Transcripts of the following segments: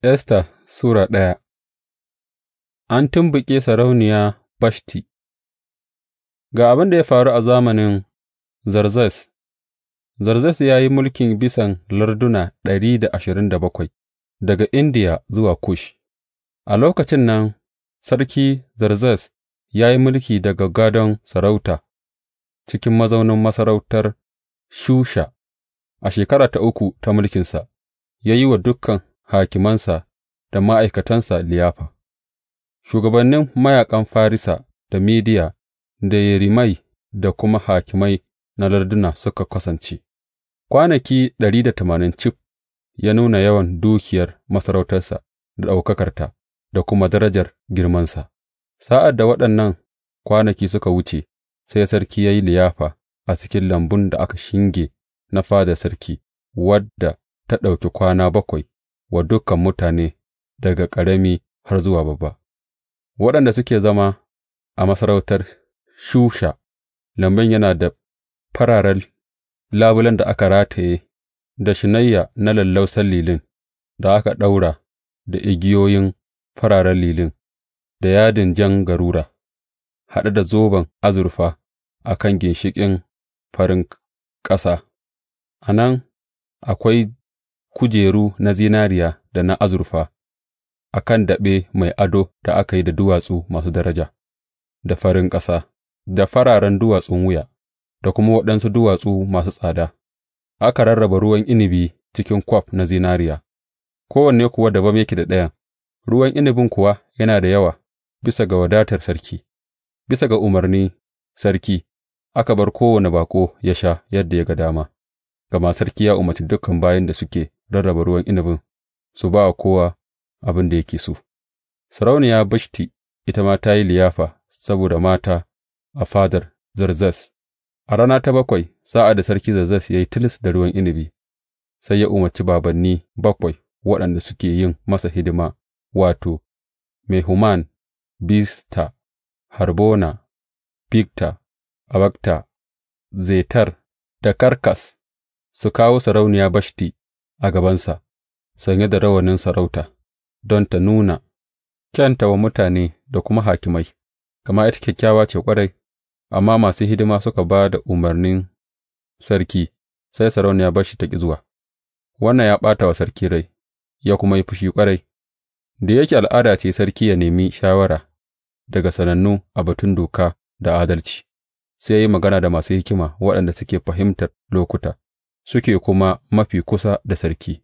Esta Sura ɗaya An tumbuke sarauniya Bashti Ga abin da ya faru a zamanin Zarzes, Zarzes ya yi mulkin bisan larduna ɗari da ashirin da bakwai daga Indiya zuwa Kush, a lokacin nan sarki Zarzes ya yi mulki daga gadon sarauta cikin mazaunin masarautar Shusha a shekara ta uku ta mulkinsa, ya yi wa dukan hakimansa da ma'aikatansa liyafa, shugabannin mayaƙan Farisa da midiya da yerimai da kuma hakimai na larduna suka kasance, kwanaki ɗari da tamanin cif ya nuna yawan dukiyar masarautarsa da ɗaukakarta da kuma darajar girmansa. Sa'ad da waɗannan kwanaki suka wuce, sai sarki ya yi liyafa a cikin lambun da aka shinge na fadar sarki, wadda ta ɗauki kwana bakwai wa dukan mutane daga ƙarami har zuwa babba, waɗanda suke zama a masarautar Shusha, lambun yana da fararen labulen da aka rataye da shinayya na lallausan lilin da aka ɗaura da igiyoyin fararen lilin da yadin jan garura, haɗe da zoben azurfa a kan ginshiƙin farin ƙasa, a nan akwai kujeru na zinariya da na azurfa a kan daɓe mai ado da aka yi da duwatsu masu daraja, da farin ƙasa, da fararen duwatsun wuya, da kuma waɗansu duwatsu masu tsada. Aka rarraba ruwan inibi cikin kwaf na zinariya, kowanne kuwa dabam yake da ɗayan, ruwan inibin kuwa yana da yawa bisa ga wadatar sarki, bisa ga umarni sarki, aka bar kowane baƙo ya sha yadda ya ga dama, gama sarki ya umarci dukkan bayan da suke rarraba ruwan inabin su ba wa kowa abin da yake so. Sarauniya Bashti ita ma ta yi liyafa saboda mata a fadar Zarzas. A rana ta bakwai, sa'ad da sarki Zarzas ya yi tilis da ruwan inabi, sai ya umarci babanni bakwai waɗanda suke yin masa hidima, wato, Mehuman, Bista, Harbona, Bikta, Abakta, Zetar da Karkas, su kawo sarauniya Bashti a gabansa, sanye da rawanin sarauta, don ta nuna kyanta wa mutane da kuma hakimai, gama ita kyakkyawa ce kwarai. amma masu hidima suka ba da umarnin sarki, sai sarauniya shi ta ƙi zuwa. Wannan ya ɓata wa sarki rai, ya kuma yi fushi ƙwarai, da yake al'ada ce sarki ya nemi shawara daga sanannu a batun doka da adalci, sai ya yi magana da masu hikima waɗanda suke fahimtar lokuta, suke kuma mafi kusa da sarki,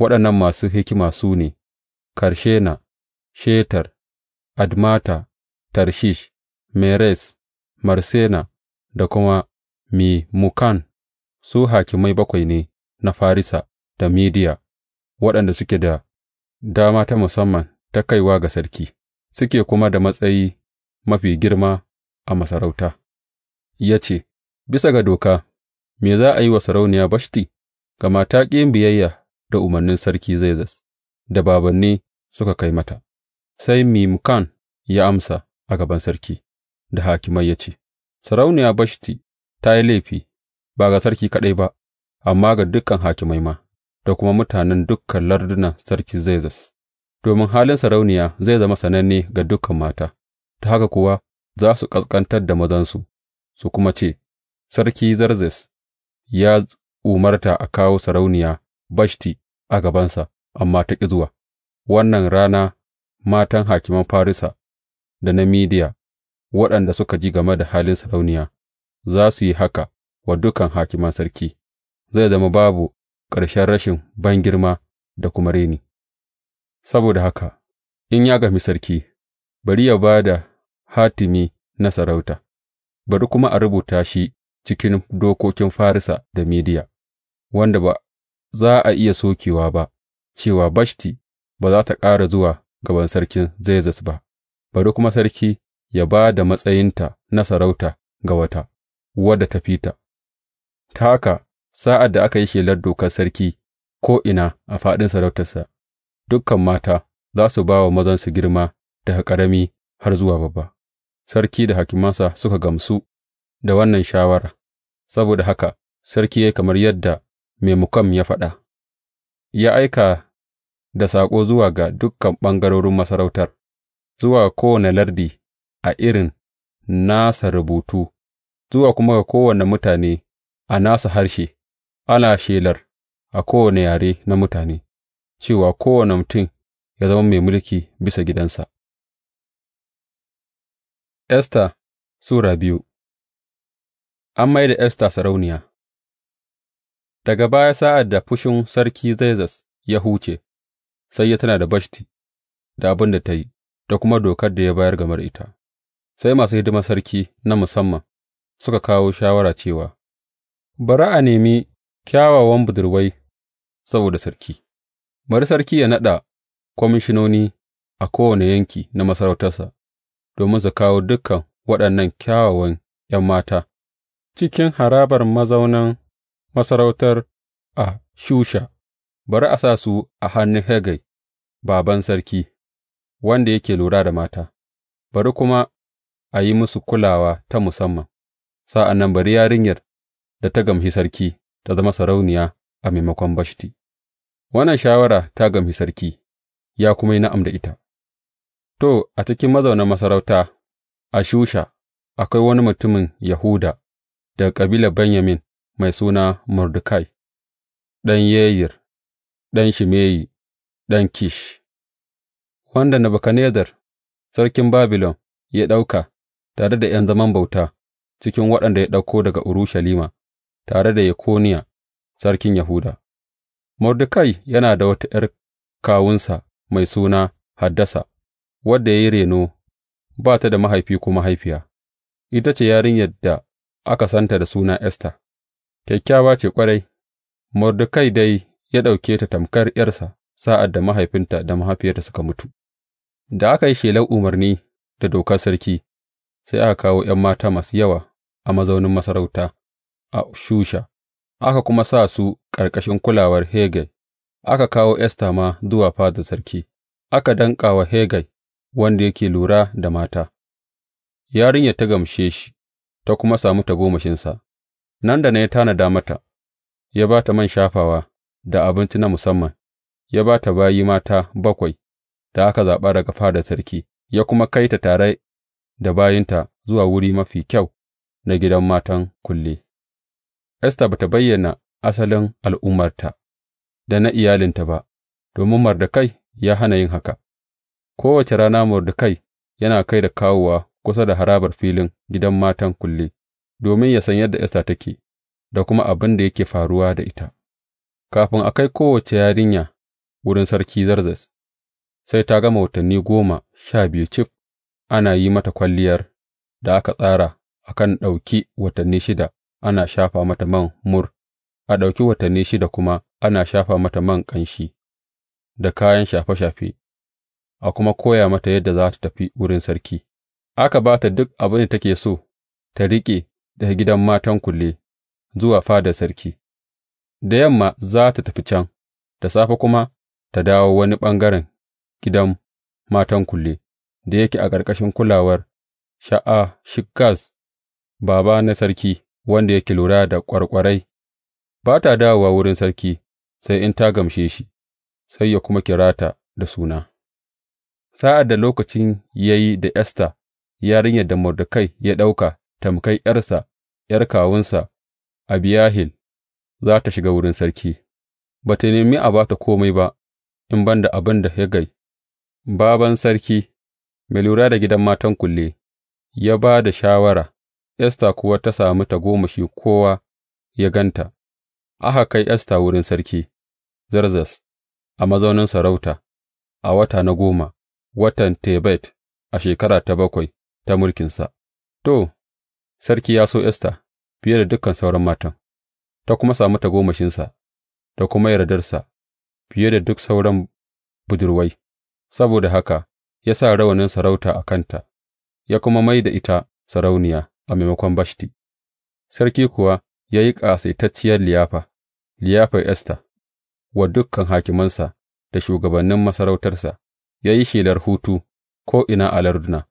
waɗannan masu hikima su ne, Karshena, Shetar, Admata, Tarshish, Meres, Marsena da kuma Mimukan, su hakimai bakwai ne na Farisa da Midiya, waɗanda suke da dama ta musamman ta kaiwa ga sarki, suke kuma da matsayi mafi girma a masarauta. Ya ce, Bisa ga doka, Me za a yi wa sarauniya Bashti, gama ta ƙi yin biyayya da umarnin Sarki Zerzes da bābānni suka kai mata, sai Mimkan ya amsa a gaban sarki da hakimai ya ce, Sarauniya Bashti ta yi laifi ba ga sarki kaɗai ba, amma ga dukan hakimai ma, da kuma mutanen dukkan lardunan sarki Zerzes, domin halin sarauniya zai zama sananne ga dukan mata, ta haka kuwa za su ƙasƙantar da mazansu, su kuma ce, Sarki Zerzes ya umarta a kawo Sarauniya Bashti a gabansa, amma ta ƙi zuwa, wannan rana matan hakiman Farisa da na Midiya, waɗanda suka ji game da halin sarauniya, za su yi haka wa dukan hakiman sarki, zai zama babu ƙarshen rashin bangirma da kuma reni. Saboda haka, in ya gami sarki, bari ya ba da hatimi na sarauta, bari kuma a rubuta shi cikin dokokin Farisa da midiya. wanda ba za a iya sokewa ba, cewa Bashti ba za ta ƙara zuwa gaban sarkin Zezes ba, bari kuma sarki ya ba da matsayinta na sarauta ga wata, wadda ta fi ta. Ta haka, sa'ad da aka yi shelar dokar sarki ko'ina a faɗin sarautarsa, Dukkan mata za su ba wa mazansu girma daga ƙarami har zuwa babba. Sarki da hakimansa suka gamsu da wannan shawara, saboda haka sarki ya yi kamar yadda Memukam ya faɗa, ya aika da saƙo zuwa ga dukan ɓangarorin masarautar, zuwa kowane lardi a irin nasa rubutu, zuwa kuma ga kowane mutane a nasa harshe, ana shelar a kowane yare na mutane, cewa kowane mutum ya zama mai mulki bisa gidansa. Esta Sura biyu An mai da Esta sarauniya Daga baya, sa'ad da fushin Sarki Zerzes ya huce, sai ya tana da Bashti, da abin da ta yi, da kuma dokar da ya bayar ga ita, sai masu hidimar sarki na musamman suka kawo shawara cewa, Bari a nemi kyawawan budurwai saboda sarki, bari sarki ya naɗa kwamishinoni a kowane yanki na masarautarsa domin su kawo dukan waɗannan kyawawan ’yan mata cikin harabar mazaunan masarautar a Shusha, bari a sa su a hannun Hegai, baban sarki, wanda yake lura da mata, bari kuma a yi musu kulawa ta musamman, sa'an nan bari yarinyar da ta gamshi sarki ta zama sarauniya a maimakon Bashti. Wannan shawara ta gamshi sarki, ya kuma yi na'am da ita. To, a cikin mazaunan masarauta a Shusha, akwai wani mutumin Yahuda daga kabilar Benyamin, mai suna Mordekai ɗan Yeyir, ɗan Shimeyi, ɗan Kish, wanda Nebuchadnezzar, sarkin Babilon ya ɗauka tare da ’yan zaman bauta cikin waɗanda ya ɗauko daga Urushalima tare da Yekoniya sarkin Yahuda. Mordekai yana da wata ’yar kawunsa mai suna Haddasa, wadda ya yi reno, ba ta da mahaifi ko mahaifiya, ita ce yarinyar da aka santa da suna Esta, kyakkyawa ce kwarai. Mordekai dai ya ɗauke ta tamkar ’yarsa sa'ad da mahaifinta da mahaifiyarta suka mutu. Da aka yi shelar umarni da dokar sarki, sai aka kawo ’yan mata masu yawa a mazaunin masarauta a Shusha, aka kuma sa su ƙarƙashin kulawar Hegai, aka kawo Esta ma zuwa fadar sarki, aka danƙa wa Hegai wanda yake lura da mata, yarinya ta gamshe shi, ta kuma sami tagomashinsa, nan da na ya tanada mata, ya ba ta man shafawa da abinci na musamman, ya ba ta bayi mata bakwai da aka zaɓa daga fadar sarki, ya kuma kai ta tare da bayinta zuwa wuri mafi kyau na gidan matan kulle. Esta ba ta bayyana asalin al'ummarta da na iyalinta ba, domin Mordekai ya hana yin haka. Kowace rana Mordekai yana kai da kawowa kusa da harabar filin gidan matan kulle, domin ya san yadda Esta take da kuma abin da yake faruwa da ita, kafin a kai kowace yarinya wurin Sarki Zarzas, sai ta gama watanni goma sha biyu cif ana yi mata kwalliyar da aka tsara a kan ɗauki watanni shida ana shafa mata man mur, a ɗauki watanni shida kuma ana shafa mata man ƙanshi da kayan shafe-shafe, a kuma koya mata yadda za ta tafi wurin sarki. aka ba ta duk abin da take so ta riƙe daga gidan matan kulle zuwa fadar sarki, da yamma za ta tafi can, da safe kuma ta dawo wani ɓangaren gidan matan kulle da yake a ƙarƙashin kulawar sha'a Shikas, baba na sarki wanda yake lura da ƙwarƙwarai, ba ta dawowa wurin sarki sai in ta gamshe shi, sai ya kuma kira ta da suna. Sa'ad da lokacin ya yi da Esta yarinyar da Mordekai ya ɗauka tamkai ’yarsa, ’yar kawunsa Abiyahil, za tă shiga wurin sarki, ba ta nemi a ba ta kome ba, in ban da abin da Hegai, baban sarki, mai lura da gidan matan kulle, ya ba da shawara, Esta kuwa ta sami tagomashi kowa ya ganta, aka kai Esta wurin sarki, Zarzas, a mazaunin sarauta, a wata na goma, watan Tebet, a shekara ta bakwai ta mulkinsa, to, sarki ya so Esta fiye da dukan sauran matan, ta kuma sami tagomashinsa da kuma yardarsa fiye da duk sauran budurwai, saboda haka ya sa rawanin sarauta a kanta, ya kuma mai da ita sarauniya a maimakon Bashti, sarki kuwa ya yi ƙasaitacciyar liyafa, liyafar Esta, wa dukkan hakimansa da shugabannin masarautarsa, ya yi shelar hutu ko'ina a larduna.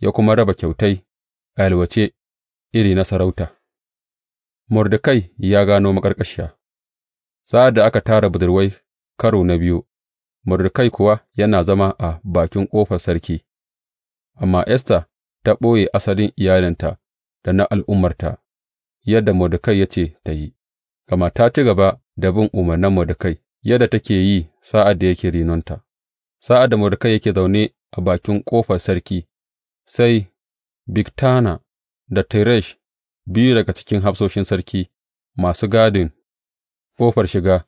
ya kuma raba kyautai a yalwace iri na sarauta, Mordekai ya gano maƙarƙashiya Sa'ad da aka tara budurwai karo na biyu, Mordekai kuwa yana zama a bakin ƙofar sarki, amma Esta ta ɓoye asalin iyalinta da na al'ummarta, yadda Mordekai ya ce ta yi, gama ta ci gaba da bin umarnan Mordekai yadda take yi sa'ad da yake rinonta. sa'ad da Mordekai yake zaune a bakin ƙofar sarki. sai Bigtana da Teresh, biyu daga cikin hafsoshin sarki masu gadin ƙofar shiga,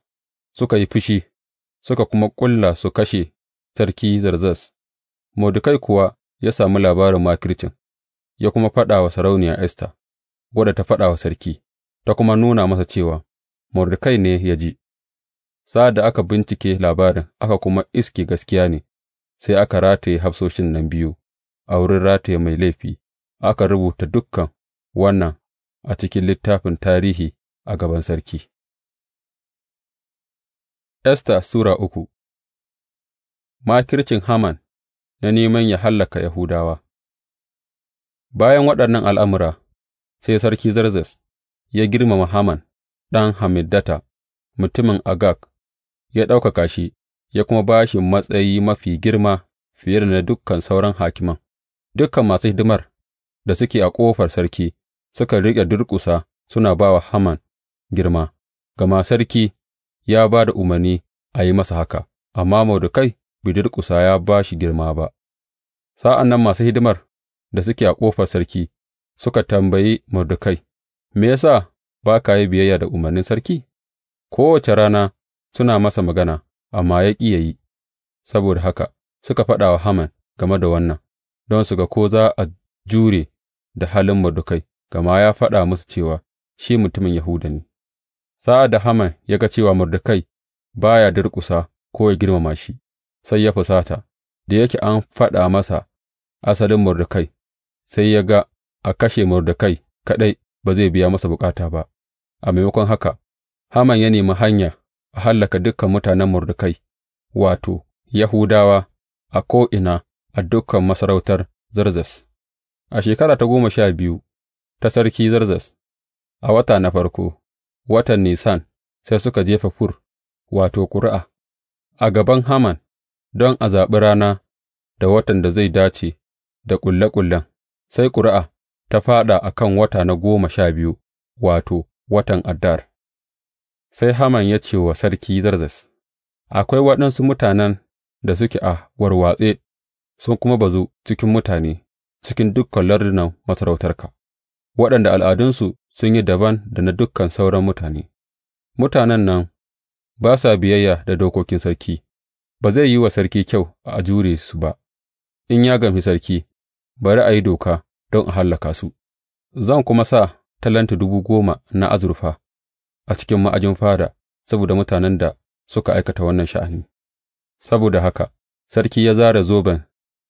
suka yi fushi, suka kuma ƙulla su kashe sarki zarzas. Mordekai kuwa ya sami labarin makircin, ya kuma faɗa wa Sarauniya Esta, wadda ta faɗa wa sarki, ta kuma nuna masa cewa Mordekai ne ya ji. Sa'ad da aka bincike labarin aka kuma iske gaskiya ne, sai aka rataye hafsoshin nan biyu a wurin rataye mai laifi, aka rubuta dukan wannan a cikin littafin tarihi a gaban sarki. Esta Sura uku Makircin Haman na neman ya hallaka Yahudawa Bayan waɗannan al'amura, sai Sarki Zarzas ya girmama Haman ɗan Hamiddata, mutumin Agag, ya ɗaukaka shi, ya kuma ba shi matsayi mafi girma fiye da na dukkan sauran hakiman. dukan masu hidimar da suke a ƙofar sarki suka riƙe durƙusa suna ba wa Haman girma, gama sarki ya ba da umarni a yi masa haka, amma Mordekai bai durƙusa ya ba shi girma ba. Sa'an nan masu hidimar da suke a ƙofar sarki suka tambayi Mordekai, Me ya sa ba ka yi biyayya da umarnin sarki? Kowace rana suna masa magana, amma ya ƙi ya yi, saboda haka suka faɗa wa Haman game da wannan. don su ga ko za a jure da halin Mordekai, gama ya faɗa musu cewa shi mutumin Yahuda ne. Sa'ad da Haman ya ga cewa Mordekai ba ya durƙusa ko ya girmama shi, sai ya fusata, da yake an faɗa masa asalin Mordekai, sai ya ga a kashe Mordekai kaɗai ba zai biya masa bukata ba, a maimakon haka, Haman ya nemi hanya a hallaka dukan mutanen Mordekai, wato, Yahudawa a ko'ina a dukan masarautar Zerzes. A shekara ta goma sha biyu ta sarki Zerzes, a wata na farko, watan Nisan, sai suka jefa fur, wato, ƙuri'a, a gaban Haman don a zaɓi rana da watan da zai dace da ƙulle-ƙullen, sai ƙuri'a ta faɗa a kan wata na goma sha biyu, wato, watan Adar. Sai Haman ya ce wa sarki Zerzes, Akwai waɗansu mutanen da suke a warwatse sun kuma bazu cikin mutane cikin dukan lardunan masarautarka, waɗanda al'adunsu sun yi daban da na dukan sauran mutane, mutanen nan ba sa biyayya da dokokin sarki, ba zai yi wa sarki kyau a jure su ba, in ya gamfi sarki, bari a yi doka don a hallaka su, zan kuma sa talenti dubu goma na azurfa a cikin ma'ajin fada saboda mutanen da suka aikata wannan sha'ani, saboda haka sarki ya zara zoben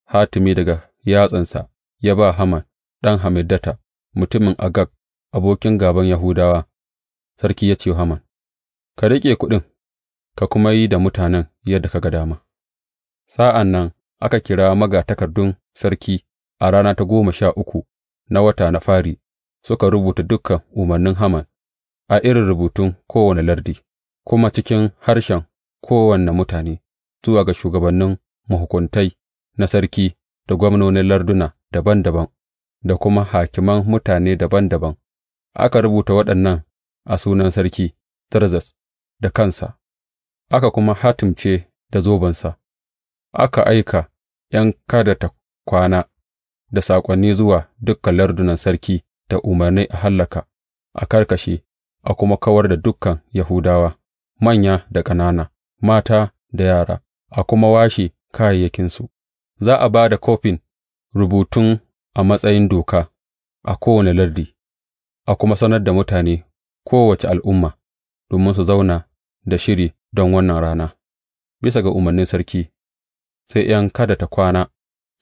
hatimi daga yatsansa ya ba Haman ɗan Hammedata, mutumin Agag, abokin gāban Yahudawa, sarki ya ce wa Haman, Ka riƙe kuɗin, ka kuma yi da mutanen yadda ka ga dama. Sa'an nan aka kira magatakardun sarki a rana ta goma sha uku na wata na fari, suka rubuta dukan umarnin Haman a irin rubutun kowane lardi, kuma cikin harshen kowane mutane, zuwa ga shugabannin mahukuntai na sarki da gwamnonin larduna dabam dabam da kuma hakiman mutane dabam dabam, aka rubuta waɗannan a sunan sarki Zerzes da kansa, aka kuma hatimce da zobensa, aka aika ’yan kada ta kwana da saƙonni zuwa dukkan lardunan sarki da umarnai a hallaka, a karkashe, a kuma kawar da dukkan Yahudawa, manya da ƙanana, mata da yara, a kuma washe kayayyakinsu. za a ba da kofin rubutun a matsayin doka a kowane lardi, a kuma sanar da mutane kowace al'umma domin su zauna da shiri don wannan rana, bisa ga umarnin sarki, sai ’yan kada ta kwana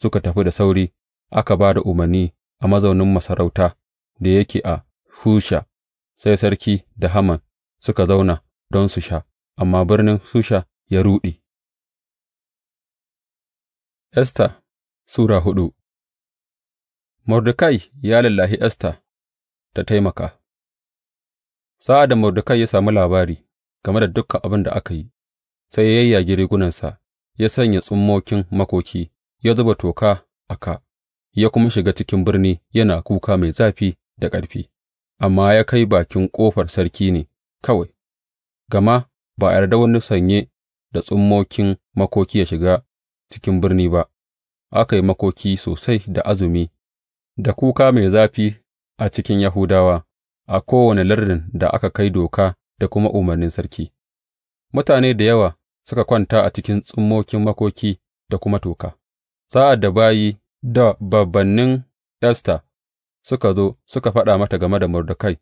suka tafi da sauri aka ba da umarni a mazaunin masarauta da yake a Husha, sai sarki da Haman suka zauna don su sha, amma birnin Husha ya ruɗe. Esta Sura hudu Mordekai ya lallahi Esta ta taimaka Sa'a da Mordekai ya sami labari game da dukkan abin da aka yi, sai ya yayyage rigunansa, ya sanya tsummokin makoki, ya zuba toka a ka, ya kuma shiga cikin birni yana kuka mai zafi da ƙarfi, amma ya kai bakin ƙofar sarki ne kawai, gama ba a yarda wani sanye da tsummokin makoki ya shiga cikin birni ba, aka yi makoki sosai da azumi da kuka mai zafi a cikin Yahudawa a kowane lardin da aka kai doka da kuma umarnin sarki, mutane da yawa suka kwanta a cikin tsummokin makoki da kuma toka, sa'ad da bayi da babbannin Esta suka zo suka faɗa mata game da Mordekai,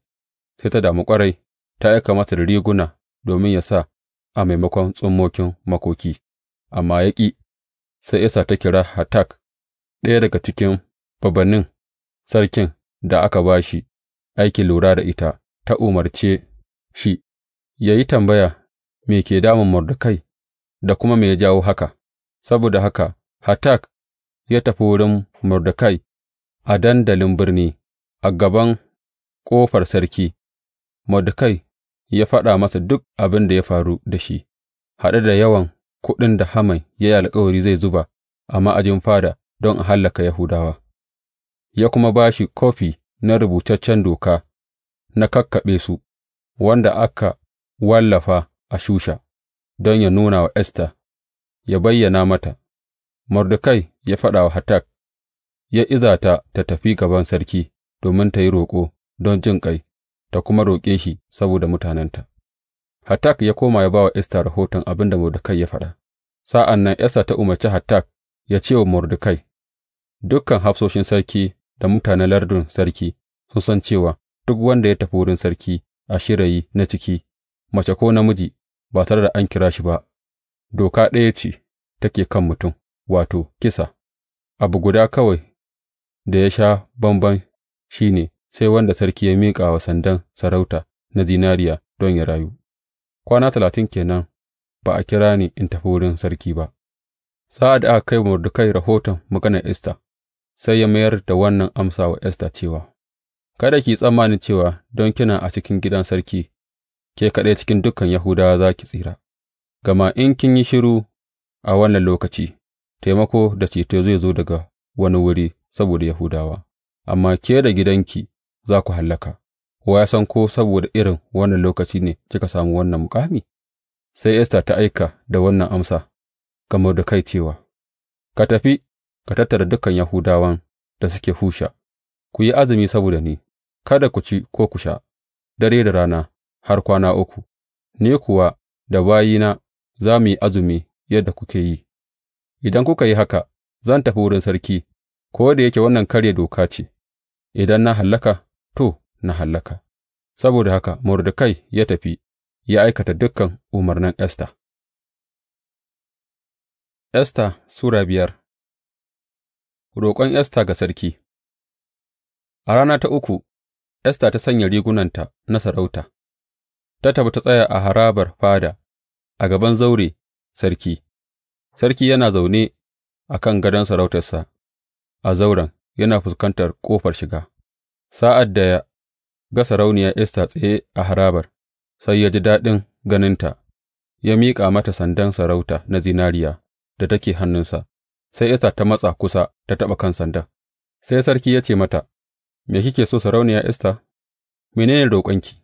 sai ta damu ƙwarai, ta aika masa da riguna domin ya sa a maimakon tsummokin makoki, amma ya ƙi, sai Esta ta kira Hatak, ɗaya daga cikin babannin sarkin da aka ba shi aikin lura da ita, ta umarce shi, ya yi tambaya me ke damun Mordekai da kuma me ya jawo haka, saboda haka Hatak ya tafi wurin Mordekai a dandalin birni a gaban ƙofar sarki, Mordekai ya faɗa masa duk abin da ya faru da shi, haɗe da yawan kuɗin da Haman ya yi alkawari zai zuba a ma'ajin fada don a hallaka Yahudawa, ya kuma ba shi kofi na rubutaccen doka na kakkaɓe su, wanda aka wallafa a Shusha, don ya nuna wa Esta, ya bayyana mata, Mordekai ya faɗa wa Hatak, ya iza ta ta tafi gaban sarki domin ta yi roƙo don jin ƙai ta kuma roƙe shi saboda mutanenta. Hatak ya koma ya ba wa Esta rahoton abin da Mordekai ya faɗa, sa'an nan Esta ta umarci Hatak ya ce wa Mordekai, Dukan hafsoshin sarki da mutanen lardun sarki sun san cewa duk wanda ya tafi wurin sarki a shirayi na ciki, mace ko namiji, ba tare da an kira shi ba, doka ɗaya ce take kan mutum, wato, kisa, abu guda kawai da ya sha bamban shi ne sai wanda sarki ya miƙa wa sandan sarauta na zinariya don ya rayu. kwana talatin ke nan ba a kira ni in tafi wurin sarki ba. Sa'ad da aka kai wa Mordekai rahoton maganar Esta, sai ya mayar da wannan amsa wa Esta cewa, Kada ki tsammanin cewa don kina a cikin gidan sarki, ke kaɗai cikin dukan Yahudawa za ki tsira, gama in kin yi shiru a wannan lokaci, taimako da ceto zai zo daga wani wuri saboda Yahudawa, amma ke da gidanki za ku hallaka. wa ya san ko saboda irin wannan lokaci ne kika samu wannan mukami? Sai Esta ta aika da wannan amsa ga Mordekai cewa, Ka tafi, ka tattara dukan Yahudawan da suke Husha, ku yi azumi saboda ni, kada ku ci ko ku sha, dare da rana har kwana uku, ni kuwa da bayina za mu yi azumi yadda kuke yi, idan kuka yi haka, zan tafi wurin sarki, ko da yake wannan karya doka ce, idan na hallaka, to, na hallaka. Saboda haka Mordekai ya tafi ya aikata dukan umarnan Esta. Esta Sura biyar Roƙon Esta ga sarki A rana ta uku, Esta ta sanya rigunanta na sarauta, ta tafi ta tsaya a harabar fada a gaban zaure sarki, sarki yana zaune a kan gadon sarautarsa a zauren yana fuskantar ƙofar shiga, sa'ad da ga sarauniya Esta tsaye a harabar, sai ya ji daɗin ganinta, ya miƙa mata sandan sarauta na zinariya da take hannunsa, sai Esta ta matsa kusa ta taɓa kan sandan. Sai sarki ya ce mata, Me kike so sarauniya Esta? Menene roƙonki?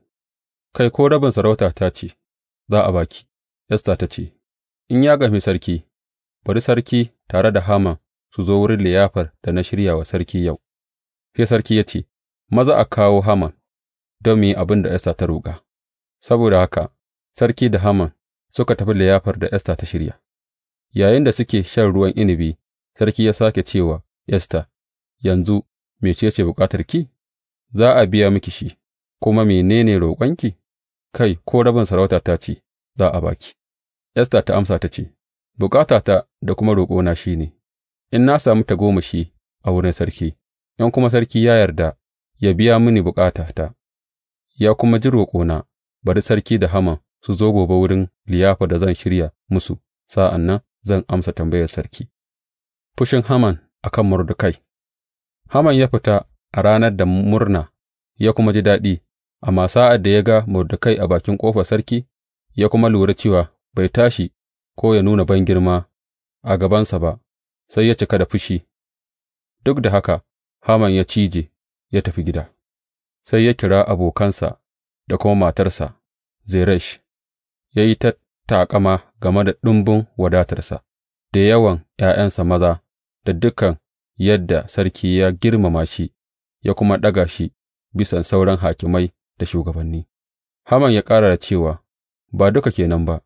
Kai, ko rabin sarauta ta ce, Za a baki, Esta ta ce, In ya gami sarki, bari sarki tare da Haman su zo wurin liyafar da na shirya wa sarki yau. Sai sarki ya ce, Maza a kawo Haman. don mu yi abin da Esta ta roƙa, saboda haka sarki da Haman suka tafi liyafar da Esta ta shirya. Yayin da suke shan ruwan inibi, sarki ya sake cewa, wa Esta, Yanzu, mece ce ki? Za a biya miki shi, kuma menene roƙonki? Kai, ko rabin ta ce za a baki. Esta ta amsa ta ce, ta da kuma roƙona shi ne, in na sami tagomashi a wurin sarki, in kuma sarki ya yarda, ya biya mini bukatata. ya kuma ji roƙona, bari sarki da Haman su zo gobe wurin liyafa da zan shirya musu, sa'an nan zan amsa tambayar sarki. Fushin Haman a kan Mordekai Haman ya fita a ranar da murna ya kuma ji daɗi, amma sa'ad da ya ga Mordekai a bakin ƙofar sarki, ya kuma lura cewa bai tashi ko ya nuna ban girma a gabansa ba, sai ya cika da fushi, duk da haka Haman ya cije, ya tafi gida. sai ya kira abokansa da kuma matarsa Zeresh, ya yi ta taƙama game da ɗumbun wadatarsa, da yawan ’ya'yansa maza, da dukan yadda sarki ya girmama shi, ya kuma ɗaga shi bisan sauran hakimai da shugabanni. Haman ya ƙara da cewa, Ba duka kenan ba,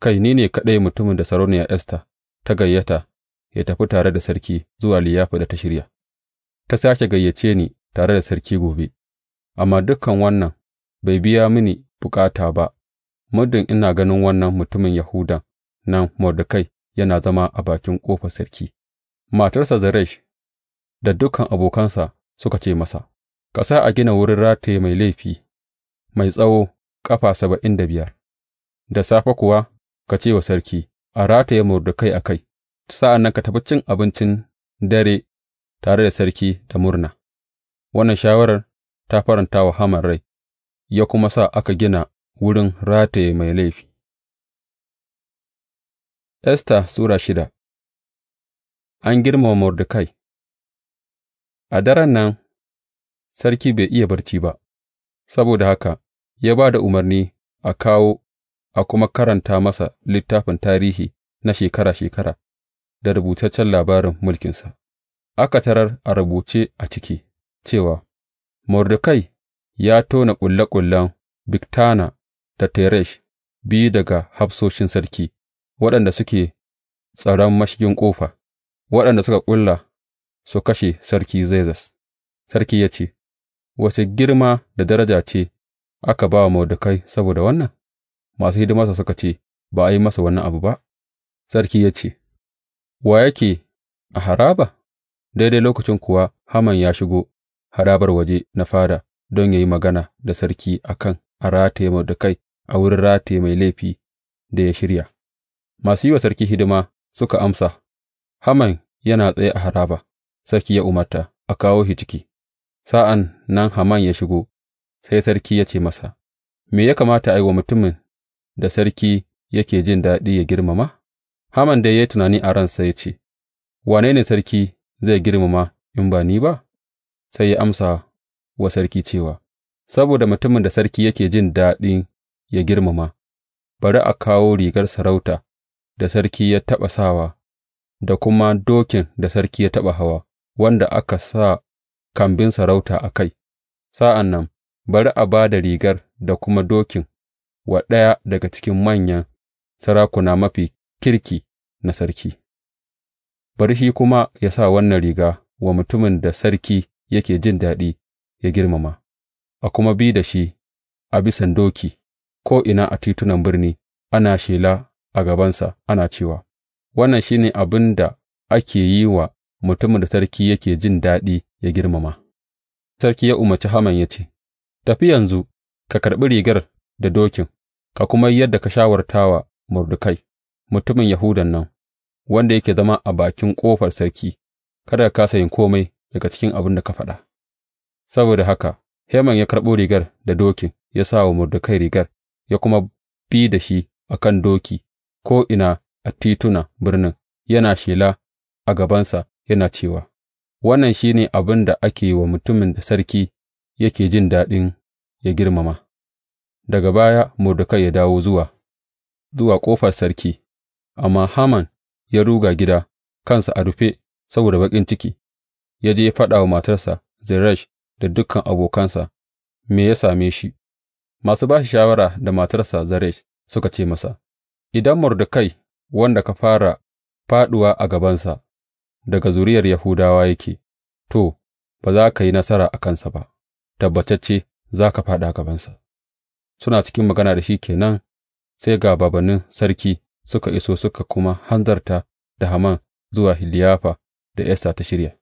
kai, ni ne kaɗai mutumin da sarauniya Esta ta gayyata ya tafi tare da sarki zuwa liyafa da ta shirya, ta sake gayyace ni tare da sarki gobe. amma dukan wannan bai biya mini bukata ba, muddin ina ganin wannan mutumin Yahudan nan Mordekai yana zama a bakin ƙofar sarki. Matarsa Zeresh da dukan abokansa suka ce masa, Ka sa a gina wurin rataye mai laifi, mai tsawo ƙafa saba'in da biyar, da safe kuwa ka ce wa sarki, A rataye Mordekai a kai, sa'an nan ka tafi cin abincin dare tare da sarki da murna. Wannan shawarar ta faranta wa Haman rai, ya kuma sa aka gina wurin rataye mai laifi. Esta Sura shida An girmama Mordekai A daren nan, sarki bai iya barci ba, saboda haka ya ba da umarni a kawo a kuma karanta masa littafin tarihi na shekara-shekara da rubutaccen labarin mulkinsa, aka tarar a rubuce a ciki cewa Mordekai ya tona ƙulle ƙullen Bigtana da Teresh, biyu daga hafsoshin sarki, waɗanda suke tsaron mashigin ƙofa, waɗanda suka ƙulla su kashe Sarki Zerzes. Sarki ya ce, Wace girma da daraja ce aka ba wa Mordekai saboda wannan? Masu hidimarsa suka ce, Ba a yi masa wannan abu ba. Sarki ya ce, Wa yake a haraba? Daidai lokacin kuwa Haman ya shigo harabar waje na fada don yă yi magana da sarki a kan a rataye Mordekai a wurin rataye mai laifi da ya shirya. Masu yi wa sarki hidima suka amsa, Haman yana tsaye a haraba, sarki ya umarta, a kawo shi ciki. Sa'an nan Haman ya shigo, sai sarki ya ce masa, Me ya kamata a yi wa mutumin da sarki yake jin daɗi ya girmama? Haman da ya yi tunani a ransa ya ce, Wane ne sarki zai girmama in ba ni ba? sai ya amsa wa sarki cewa, Saboda mutumin da sarki yake jin daɗi ya girmama, bari a kawo rigar sarauta da sarki ya taɓa sawa, da kuma dokin da sarki ya taɓa hawa, wanda aka sa kambin sarauta a kai, sa'an nan bari a ba da rigar da kuma dokin wa ɗaya daga cikin manyan sarakuna mafi kirki na sarki, bari shi kuma ya sa wannan riga wa mutumin da sarki yake jin daɗi ya girmama, a kuma bi da shi a bisan doki ko'ina a titunan birni, ana shela a gabansa, ana cewa, Wannan shi ne abin da ake yi wa mutumin da sarki yake jin daɗi ya girmama. Sarki ya umarci Haman ya ce, Tafi yanzu, ka karɓi rigar da dokin, ka kuma yi yadda ka shawarta wa Mordekai, mutumin Yahudan nan, wanda yake zama a bakin ƙofar sarki, kada ka kasa yin komai. daga cikin abin da ka faɗa. Saboda haka Heman ya karɓo rigar da dokin ya sa wa Mordekai rigar, ya kuma bi da shi a kan doki ko'ina a tituna birnin, yana shela a gabansa yana cewa, Wannan shine ne abin da ake wa mutumin da sarki yake jin daɗin ya girmama. Daga baya Mordekai ya dawo zuwa, zuwa ƙofar sarki, amma Haman ya ruga gida kansa a rufe saboda baƙin ciki, ya je ya faɗa wa matarsa Zeresh da dukan abokansa me ya same shi, masu ba shi shawara da matarsa Zeresh suka ce masa, Idan Mordekai, wanda ka fara faɗuwa a gabansa, daga zuriyar Yahudawa yake, to, ba za ka yi nasara a kansa ba, tabbatacce za ka faɗa a gabansa. Suna cikin magana da shi kenan, sai ga babannin sarki suka iso suka kuma hanzarta da Haman zuwa hiliyafa da Esta ta shirya.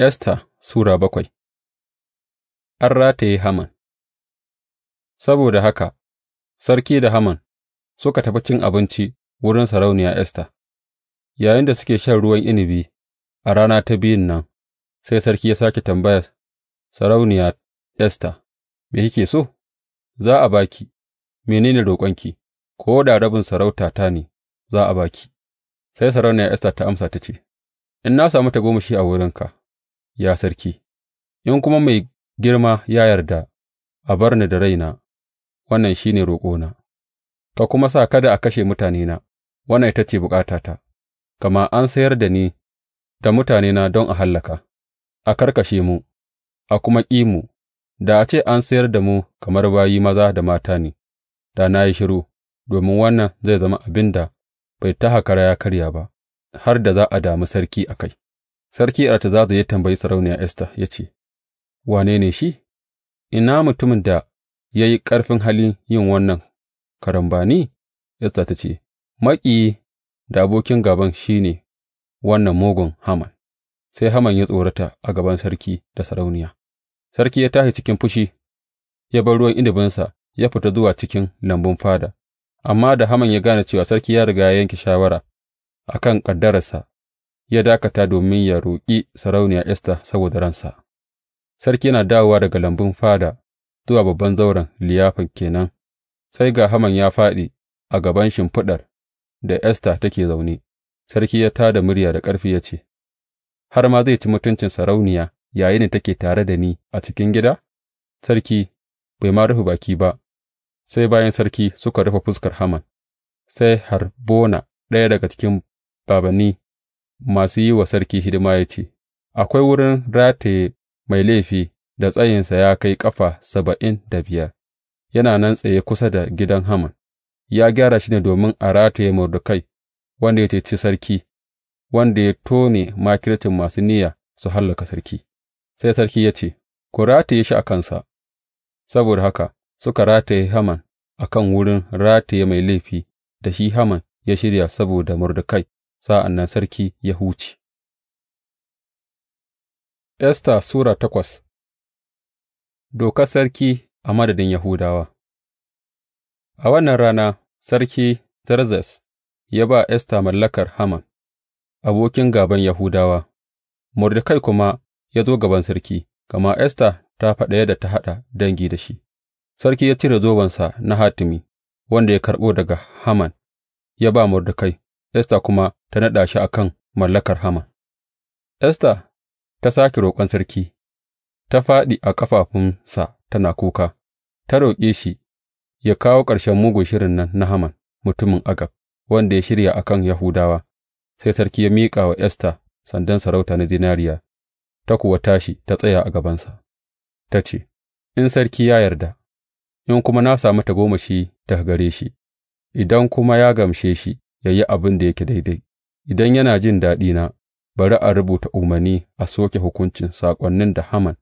Esta Sura bakwai An rataye Haman Saboda haka, sarki da Haman suka tafi cin abinci wurin Sarauniya Esta, da suke shan ruwan inibi a rana ta biyun nan, sai sarki ya sake tambaya Sarauniya Esta, Me kike so, za a ba ki, menene roƙonki, ko da rabin sarautata ne za a ba sai Sarauniya Esta ta amsa ta ce, In na samu tagomashi a wurinka. ya sarki, in kuma mai girma ya yarda, a bar ni da raina, wannan shi ne roƙona, ka kuma sa kada a kashe mutanena, wannan ita ce bukatata, gama an sayar da ni da mutanena don a hallaka, a karkashe mu, a kuma ƙi mu, da a ce an sayar da mu kamar bayi maza da mata ne, da na yi shiru, domin wannan zai zama abin da bai ta kara ya karya ba, har da za a damu sarki a kai. Sarki Artazaza ya tambayi Sarauniya Esta ya ce, Wane ne shi, ina mutumin da ya yi ƙarfin halin yin wannan karambani? Esta ta ce, Maƙiyi da abokin gaban shi ne wannan mugun Haman. Sai Haman ya tsorata a gaban sarki da sarauniya. Sarki ya tashi cikin fushi, ya bar ruwan inibinsa ya fita zuwa cikin lambun fada, amma da Haman ya gane cewa sarki ya riga ya yanke shawara a kan ƙaddararsa, ya dakata domin ya roƙi Sarauniya Esta saboda ransa, sarki yana dawowa daga lambun fada zuwa babban zauren liyafan kenan. sai ga Haman ya faɗi a gaban shimfiɗar da Esta take zaune, sarki ya tā da murya da ƙarfi ya ce, Har ma zai ci mutuncin sarauniya yayin da take tare da ni a cikin gida? Sarki bai ma rufe baki ba, sai bayan sarki suka rufe fuskar Haman, sai Harbona ɗaya daga cikin babanni masu yi wa sarki hidima ya ce, Akwai wurin rataye mai laifi da tsayinsa ya kai ƙafa saba'in da biyar, yana nan tsaye kusa da gidan Haman, ya gyara shi ne domin a rataye Mordekai, wanda ya ceci sarki, wanda ya tone makircin masu niyya su hallaka sarki. Sai sarki ya ce, Ku rataye shi a kansa, saboda haka suka rataye Haman a kan wurin rataye mai laifi da shi Haman ya shirya saboda Mordekai. Sa'an nan sarki ya huce. Esta Sura takwas Dokar sarki a madadin Yahudawa A wannan rana, Sarki Zerzes ya ba Esta mallakar Haman, abokin gaban Yahudawa, Mordekai kuma ya zo gaban sarki, gama Esta ta faɗa yadda ta haɗa dangi da shi. Sarki ya cire zobensa na hatimi, wanda ya karɓo daga Haman, ya ba Mordekai, Esta kuma ta naɗa shi a kan mallakar Haman. Esta ta sake roƙon sarki, ta fāɗi a ƙafafunsa tana kuka, ta roƙe shi ya kawo ƙarshen mugun shirin nan na Haman mutumin agab wanda ya shirya a kan Yahudawa, sai sarki ya miƙa wa Esta sandan sarauta na zinariya, ta kuwa tashi ta tsaya a gabansa, ta ce, In sarki ya yarda, in kuma na sami tagomashi daga gare shi, idan kuma ya gamshe shi, ya yi abin da yake daidai, idan yana jin daɗina, bari a rubuta umarni a soke hukuncin saƙonnin da Haman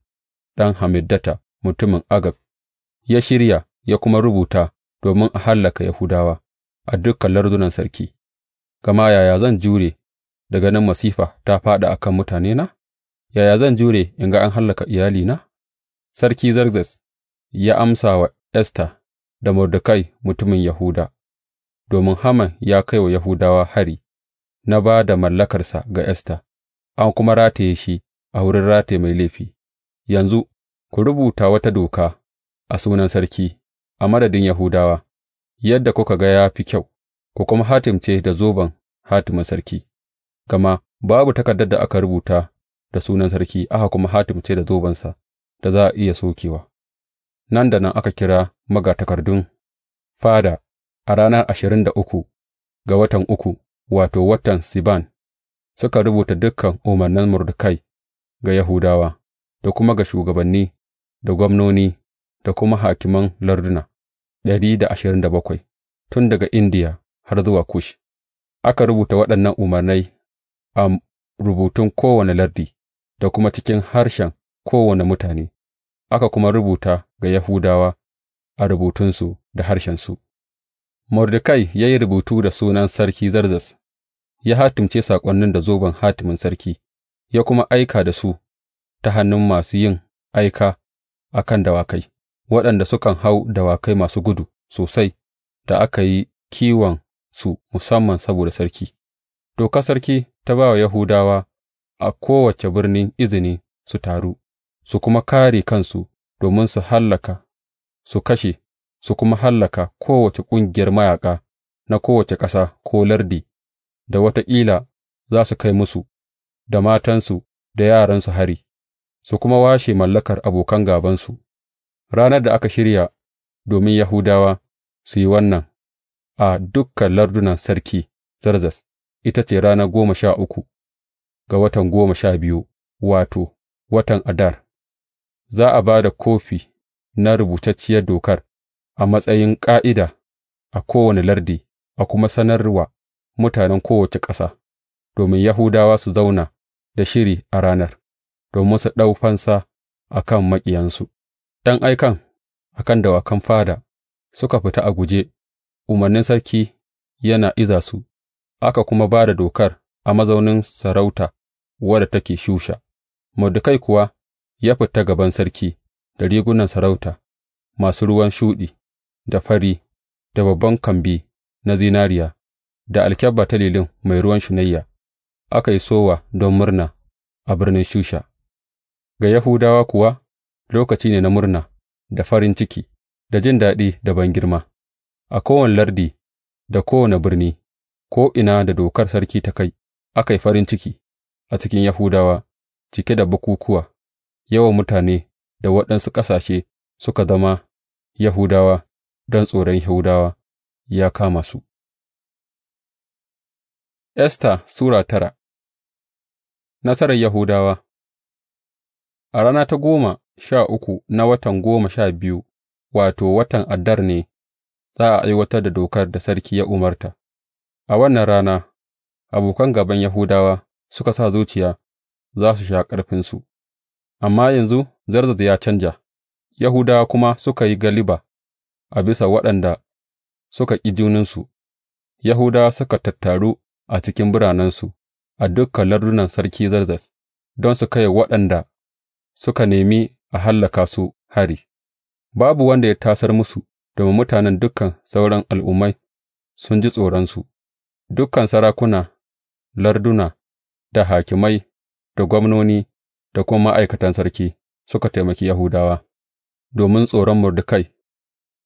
ɗan Hamiddata mutumin Agag ya shirya ya kuma rubuta domin a hallaka Yahudawa a dukkan lardunan sarki, gama yaya zan jure daga nan masifa ta faɗa a kan mutanena? Yaya zan jure in ga an hallaka iyalina? Sarki Zerzes ya amsa wa Esta da Mordekai mutumin Yahuda domin Haman ya kai wa Yahudawa hari, na ba da mallakarsa ga Esta, an kuma rataye shi a wurin rataye mai laifi, yanzu ku rubuta wata doka a sunan sarki a madadin Yahudawa, yadda kuka ga ya fi kyau, ku kuma hatimce da zoben hatimin sarki, gama babu takardar da aka rubuta da sunan sarki aka kuma hatimce da zobensa da za a iya sokewa. Nan da nan aka kira magatakardun fada a ranar ashirin da uku ga watan uku, wato, watan Siban, suka rubuta dukan umarnan Mordekai ga Yahudawa, da kuma ga shugabanni, da gwamnoni, da kuma hakiman larduna, ɗari da ashirin da bakwai, tun daga Indiya har zuwa Kush. Aka rubuta waɗannan umarnai a rubutun kowane lardi, da kuma cikin harshen kowane mutane, aka kuma rubuta ga Yahudawa a rubutunsu da harshensu. Mordekai ya yi rubutu da sunan Sarki Zerzes, ya hatimce saƙonnin da zoben hatimin sarki, ya kuma aika da su ta hannun masu yin aika a kan dawakai, waɗanda sukan hau dawakai masu gudu sosai da aka yi kiwon su musamman saboda sarki. Dokar sarki ta ba wa Yahudawa a kowace birnin izini su taru, su kuma kare kansu domin su hallaka, su kashe, su kuma hallaka kowace ƙungiyar mayaƙa na kowace ƙasa ko lardi da wataƙila za su kai musu, da matansu da yaransu hari, su kuma washe mallakar abokan gābansu, ranar da aka shirya domin Yahudawa su yi wannan a dukkan lardunan sarki Zarzas, ita ce rana goma sha uku ga watan goma sha biyu, wato, watan Adar, za a ba da kofi na rubutacciyar dokar a matsayin ƙa'ida a kowane lardi a kuma sanar wa mutanen kowace ƙasa, domin Yahudawa su zauna da shiri a ranar, domin su ɗau fansa a kan maƙiyansu. ’Yan aikan a kan dawakan fada suka fita a guje, umarnin sarki yana iza su, aka kuma ba da dokar a mazaunin sarauta wadda take Shusha, Mordekai kuwa ya fita gaban sarki da rigunan sarauta masu ruwan shuɗi. da fari, da babban kambi na zinariya, da alkyabba ta lilin mai ruwan shunayya, aka yi sowa don murna a birnin Shusha, ga Yahudawa kuwa lokaci ne na murna, da farin ciki, da jin daɗi da bangirma, a kowane lardi da kowane birni, ko'ina da dokar sarki ta kai, aka yi farin ciki a cikin Yahudawa, cike da bukukuwa, yawan mutane da waɗansu ƙasashe suka zama Yahudawa don tsoron Yahudawa ya kama su. Esta Sura tara Nasarar Yahudawa A rana ta goma sha uku na watan goma sha biyu, wato, watan Adar ne, za a aiwatar da dokar da sarki ya umarta, a wannan rana abokan gaban Yahudawa suka sa zuciya za su sha ƙarfinsu, amma yanzu zarzaza ya canja, Yahudawa kuma suka yi galiba a bisa waɗanda suka ƙi juninsu, Yahudawa suka tattaru a cikin biranensu a dukkan lardunan Sarki Zerzes don su kai waɗanda suka nemi a hallaka su hari, babu wanda ya tasar musu, domin mutanen dukan sauran al'ummai sun ji tsoronsu, dukkan sarakuna, larduna, da hakimai, da gwamnoni, da kuma ma'aikatan sarki suka taimaki Yahudawa, domin tsoron Mordekai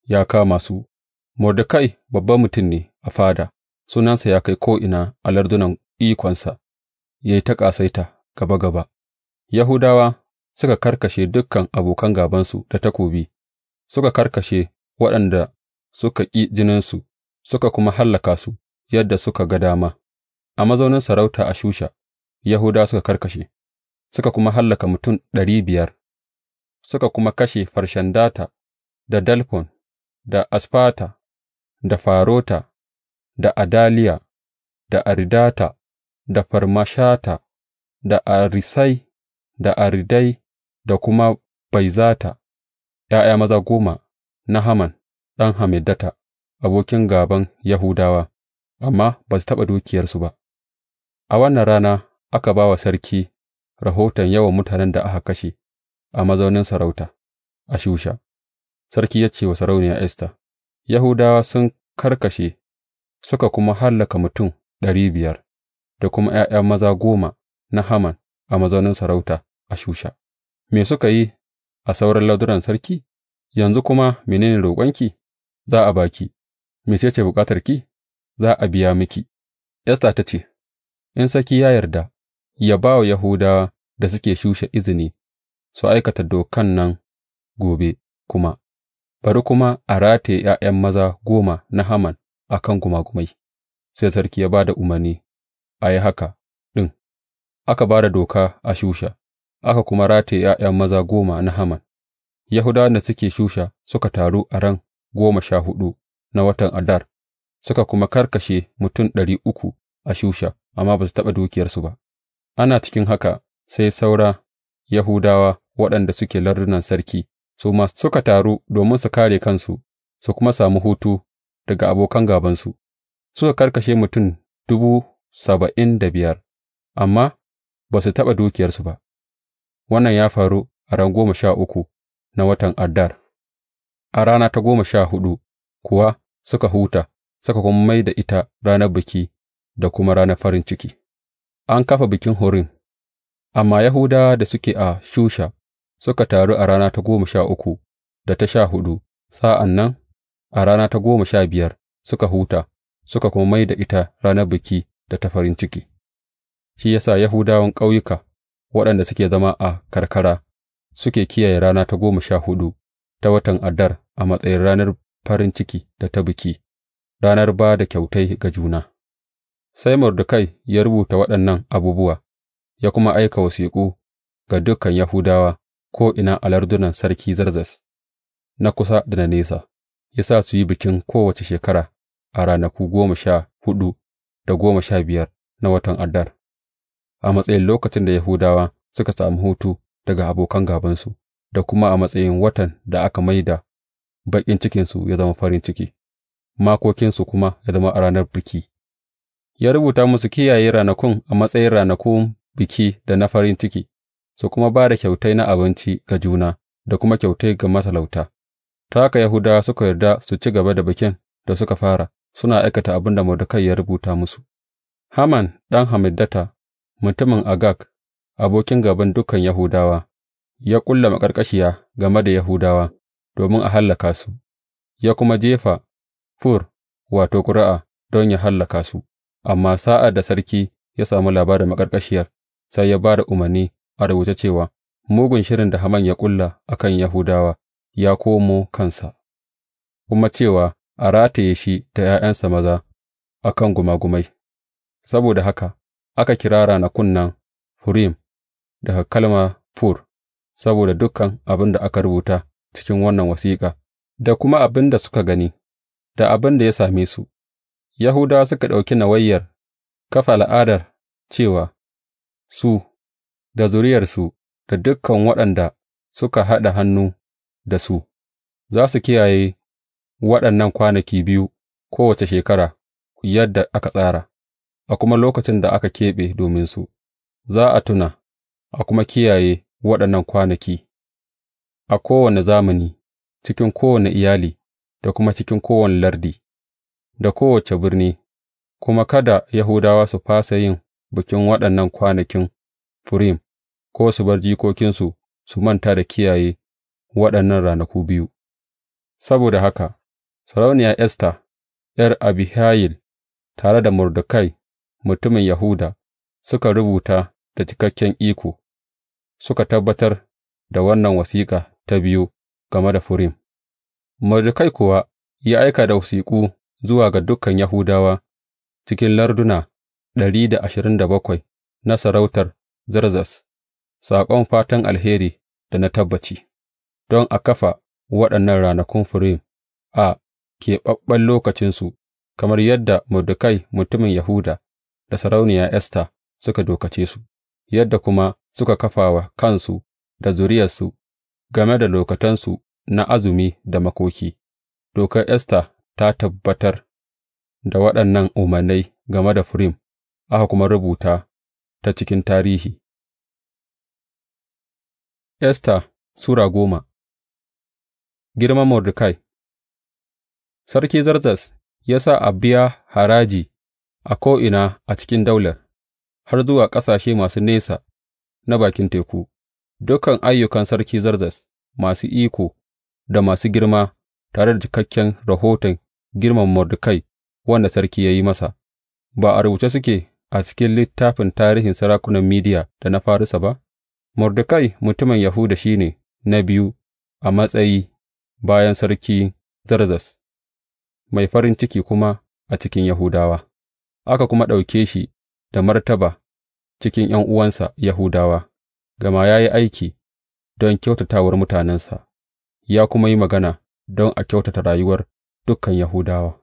ya kama su, Mordekai babban mutum ne a fada, sunansa ya kai ko'ina a lardunan ikonsa, ya yi ta ƙasaita gaba gaba. Yahudawa suka karkashe dukkan abokan gabansu da takobi, suka karkashe waɗanda suka ƙi jininsu, suka kuma hallaka su yadda suka ga dama. A mazaunin sarauta a Shusha, Yahudawa suka karkashe, suka kuma hallaka mutum ɗari biyar, suka kuma kashe farshen data da Dalfon da Asfata, da Farota, da Adaliya, da Aridata, da Farmashata, da Arisai, da Aridai, da kuma Baizata, ’ya'ya maza goma na Haman ɗan hamidata abokin gaban Yahudawa, amma ba su taɓa dukiyarsu ba. A wannan rana aka ba wa sarki rahoton yawan mutanen da aka kashe a mazaunin sarauta a Shusha. Sarki ya ce wa Sarauniya Esta, Yahudawa sun karkashe suka kuma hallaka mutum ɗari biyar da kuma ’ya'ya maza goma na Haman a mazaunin sarauta a Shusha, me suka yi a sauran lardunan sarki, yanzu kuma menene roƙonki, za a baki. Me mece ce bukatarki, za a biya miki. Esta ta ce, In saki ya yarda, ya ba wa Yahudawa da suke Shusha izini su aikata dokan nan gobe kuma. Bari kuma a rataye 'ya'yan maza goma na Haman a kan gumagumai, sai sarki ya ba da umarni a yi haka ɗin, aka ba da doka a Shusha, aka kuma rataye 'ya'yan maza goma na Haman, Yahudawan da suke Shusha suka taru a ran goma sha huɗu na watan Adar suka kuma karkashe mutum ɗari uku a Shusha, amma ba su taɓa dukiyarsu ba, ana cikin haka sai saura Yahudawa waɗanda suke lardunan sarki. su ma suka taru domin su kāre kansu su kuma sami hutu daga abokan gābansu, suka karkashe mutum dubu saba'in da biyar, amma ba su taɓa dukiyarsu ba, wannan ya faru a ran goma sha uku na watan Adar, a rana ta goma sha huɗu kuwa suka huta, suka kuma mai da ita ranar biki da kuma ranar farin ciki. An kafa bikin horin amma Yahudawa da suke a Shusha suka taru a rana ta goma sha uku da ta sha hudu sa'an nan a rana ta goma sha biyar suka huta, suka kuma mai da ita ranar biki da ta farin ciki. Shi ya sa Yahudawan ƙauyuka waɗanda suke zama a karkara suke kiyaye rana ta goma sha hudu ta watan Adar a matsayin ranar farin ciki da ta biki, ranar ba da kyautai ga juna. Sai Mordekai ya rubuta waɗannan abubuwa, ya kuma aika wasiƙu ga dukan Yahudawa ko'ina a lardunan Sarki Zarzas, na kusa da na nesa, ya sa su yi bikin kowace shekara a ranaku goma sha hudu da goma sha biyar na watan Adar, a matsayin lokacin da Yahudawa suka sami hutu daga abokan gabansu, da kuma a matsayin watan da aka mai da baƙin cikinsu ya zama farin ciki, makokinsu kuma ya zama a ranar biki. Ya rubuta musu kiyaye ranakun a matsayin ranakun biki da na farin ciki. su kuma ba da kyautai na abinci ga juna da kuma kyautai ga matalauta, ta haka Yahudawa suka yarda su ci gaba da bikin da suka fara, suna aikata abin da Mordekai ya rubuta musu. Haman ɗan Hamiddata, mutumin Agag, abokin gaban dukan Yahudawa, ya ƙulla maƙarƙashiya game da Yahudawa domin a hallaka su, ya kuma jefa fur wato ƙuri'a don ya hallaka su, amma sa'ad da sarki ya sami labarin maƙarƙashiyar, sai ya ba da umarni a rubuce cewa mugun shirin da Haman ya ƙulla a kan Yahudawa ya komo kansa, kuma cewa a rataye shi da ’ya'yansa maza a kan gumagumai, saboda haka aka kira ranakun nan Furim daga kalma Fur, saboda dukan abin da aka rubuta cikin wannan wasiƙa, da kuma abin da suka gani, da abin da ya same su, Yahudawa suka ɗauki nawayyar kafa al'adar cewa su da zuriyarsu da dukan waɗanda suka haɗa hannu da su, za su kiyaye waɗannan kwanaki biyu kowace shekara yadda aka tsara, a kuma lokacin da aka keɓe dominsu, za a tuna a kuma kiyaye waɗannan kwanaki a kowane zamani, cikin kowane iyali, da kuma cikin kowane lardi, da kowace birni, kuma kada Yahudawa su fasa yin bikin waɗannan kwanakin Furim ko su bar jikokinsu su manta da kiyaye waɗannan ranaku biyu, saboda haka Sarauniya Esta, ’yar Abihayil, tare da Mordekai mutumin Yahuda, suka rubuta da cikakken iko, suka tabbatar da wannan wasiƙa ta biyu game da Furim, Mordekai kuwa ya aika da wasiƙu zuwa ga dukan Yahudawa cikin larduna ɗari da ashirin da bakwai na sarautar Zerzes, saƙon fatan alheri da na tabbaci, don a kafa waɗannan ranakun Furim a keɓaɓɓen lokacinsu, kamar yadda Mordekai mutumin Yahuda da Sarauniya Esta suka dokace su, yadda kuma suka kafa wa kansu da zuriyarsu game da lokatansu na azumi da makoki, dokar Esta ta tabbatar da waɗannan umarnai game da Furim, aka kuma rubuta ta cikin tarihi. Esta Sura goma Girman Mordekai Sarki Zarzas ya sa a biya haraji a ko'ina a cikin daular, har zuwa ƙasashe masu nesa na bakin teku, dukan ayyukan Sarki Zarzas masu iko da masu girma tare da cikakken rahoton girman Mordekai wanda sarki ya yi masa, ba a rubuce suke a cikin littafin tarihin sarakunan Midiya da na Farisa ba? Mordekai mutumin Yahuda shi ne na biyu a matsayi bayan Sarki zarzas mai farin ciki kuma a cikin Yahudawa, aka kuma ɗauke shi da martaba cikin ’yan'uwansa Yahudawa, gama ya yi aiki don kyautatawar mutanensa, ya kuma yi magana don a kyautata rayuwar dukan Yahudawa.